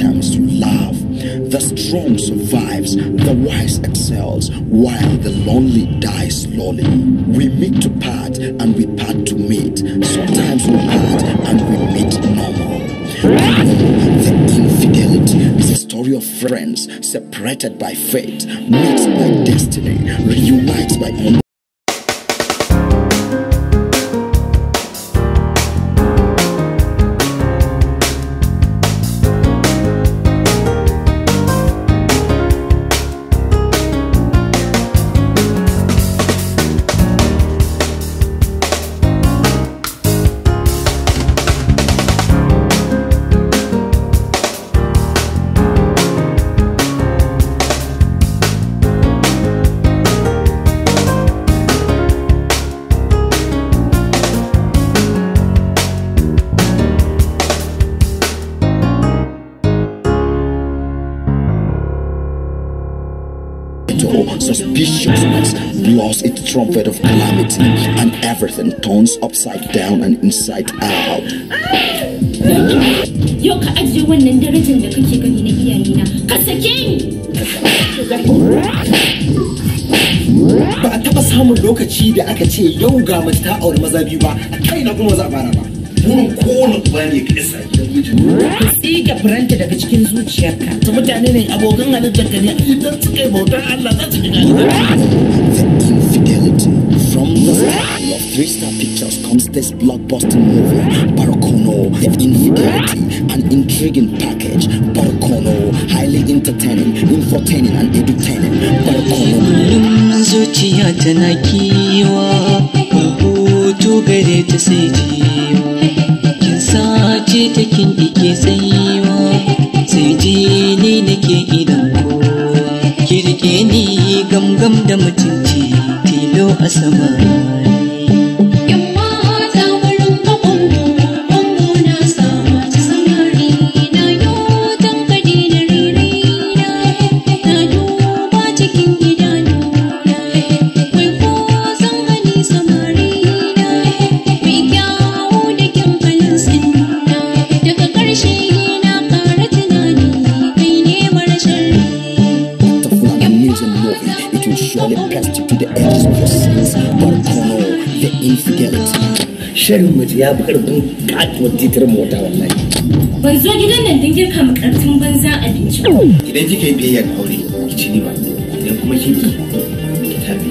atoms to love. The strong survives, the wise excels, while the lonely dies slowly. We meet to part and we part to meet. Sometimes we part and we meet normal. The infidelity is a story of friends separated by fate, mixed by destiny, reunites by suspiciousness blows its trumpet of calamity, and everything turns upside down and inside out. Yau ka Ba samun lokaci da aka ce yau ga mace ta auri maza biyu ba, kai na kuma za ba burin kowane From the style of Three Star Pictures comes this blockbuster movie, Barakono, The Infidelity, an intriguing package. Barakono, highly entertaining, infotaining and entertaining. Barakono. ce takin ike tsayuwa sai jini nake idan kowa kirke ni gamgam da mutunci tilo a sama calling plastic to the edges of your sins, but I don't know the infidelity. Sharin mutu ya fi ƙarfin katuwar titar mota wallahi. Ban zo gidan nan don girka makarantun banza abinci. Idan kika yi and ga aure, ki ci riba. Idan kuma kin ki, ki tafi.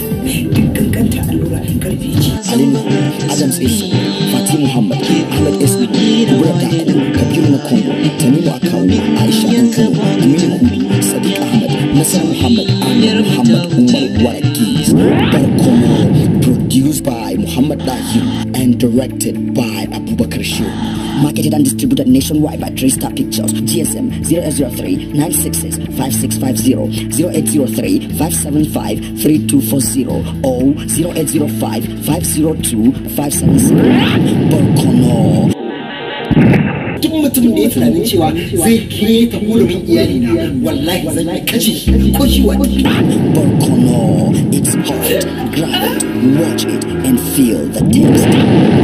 Duk kankanta allura karfi ki. Alimu Adam Tsayi, Fatih Muhammad, Ahmed Esni, Kubra Dako, Kabiru na Kongo, Aisha Aminu Kumbi, Sadiq by Muhammad Dahi and directed by Abubakar Shu. Marketed and distributed nationwide by Star Pictures. GSM 003 966 5650 0803 575 3240 or 0805 502 576 Borkono. duk mutumin it's hot watch it feel the taste.